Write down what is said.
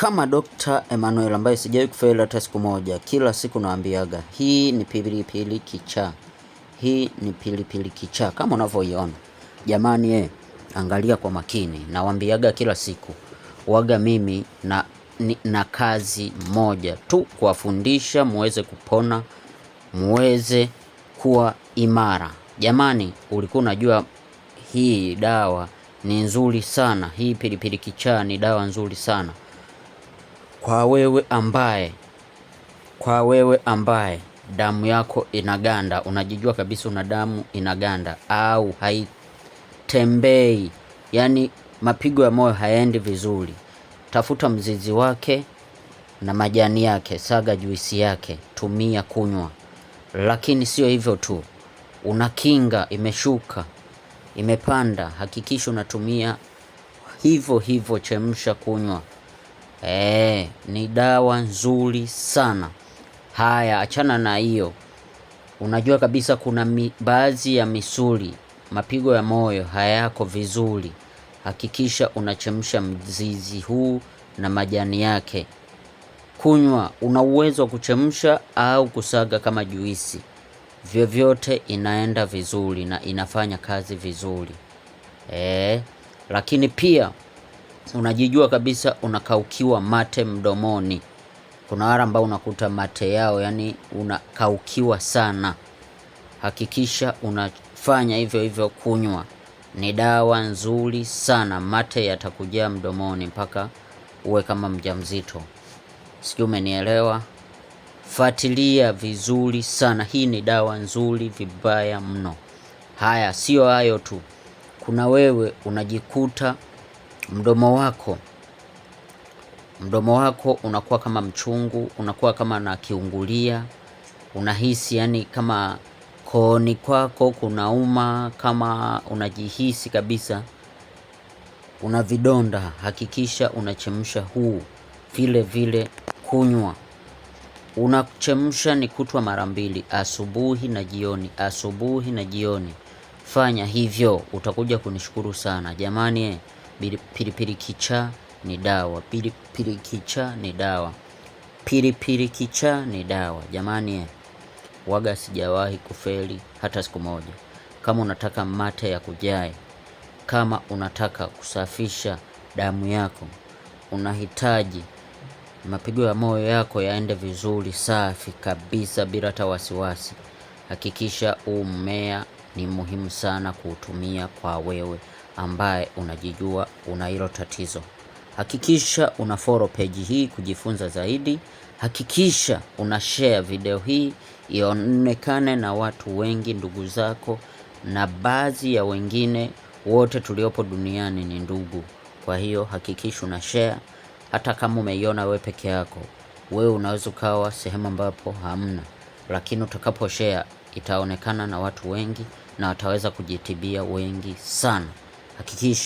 kama Dr. Emmanuel ambaye sijawahi kufeli hata siku moja. Kila siku naambiaga hii ni pilipili kichaa, hii ni pilipili kichaa kama unavyoiona jamani. E, angalia kwa makini, nawaambiaga kila siku waga mimi na, ni, na kazi moja tu kuwafundisha muweze kupona muweze kuwa imara. Jamani, ulikuwa unajua hii dawa ni nzuri sana, hii pilipili kichaa ni dawa nzuri sana. Kwa wewe ambaye, kwa wewe ambaye damu yako inaganda, unajijua kabisa una damu inaganda au haitembei, yaani mapigo ya moyo hayaendi vizuri, tafuta mzizi wake na majani yake, saga juisi yake, tumia kunywa. Lakini sio hivyo tu, una kinga imeshuka, imepanda, hakikisha unatumia hivyo hivyo, chemsha, kunywa. E, ni dawa nzuri sana. Haya, achana na hiyo. Unajua kabisa kuna baadhi ya misuli, mapigo ya moyo hayako vizuri. Hakikisha unachemsha mzizi huu na majani yake. Kunywa, una uwezo wa kuchemsha au kusaga kama juisi, vyovyote inaenda vizuri na inafanya kazi vizuri e. Lakini pia unajijua kabisa unakaukiwa mate mdomoni. Kuna wale ambao unakuta mate yao yani unakaukiwa sana. Hakikisha unafanya hivyo hivyo, kunywa ni dawa nzuri sana. Mate yatakujaa mdomoni mpaka uwe kama mjamzito, sijui umenielewa. fatilia vizuri sana, hii ni dawa nzuri vibaya mno. Haya, sio hayo tu, kuna wewe unajikuta mdomo wako mdomo wako unakuwa kama mchungu, unakuwa kama na kiungulia, unahisi yani kama kooni kwako kunauma, kama unajihisi kabisa una vidonda. Hakikisha unachemsha huu. Vile vile kunywa, unachemsha ni kutwa mara mbili, asubuhi na jioni, asubuhi na jioni. Fanya hivyo, utakuja kunishukuru sana jamani. Pilipili kichaa ni dawa, pilipili kichaa ni dawa, pilipili kichaa ni dawa. Jamani, waga sijawahi kufeli hata siku moja. Kama unataka mate ya kujae, kama unataka kusafisha damu yako, unahitaji mapigo ya moyo yako yaende vizuri, safi kabisa, bila hata wasiwasi, hakikisha huu mmea ni muhimu sana kuutumia kwa wewe ambaye unajijua una hilo tatizo. Hakikisha una follow page hii kujifunza zaidi. Hakikisha una share video hii ionekane na watu wengi, ndugu zako na baadhi ya wengine. Wote tuliopo duniani ni ndugu, kwa hiyo hakikisha una share. Hata kama umeiona wewe peke yako, wewe unaweza ukawa sehemu ambapo hamna, lakini utakapo share itaonekana na watu wengi na wataweza kujitibia wengi sana. Hakikisha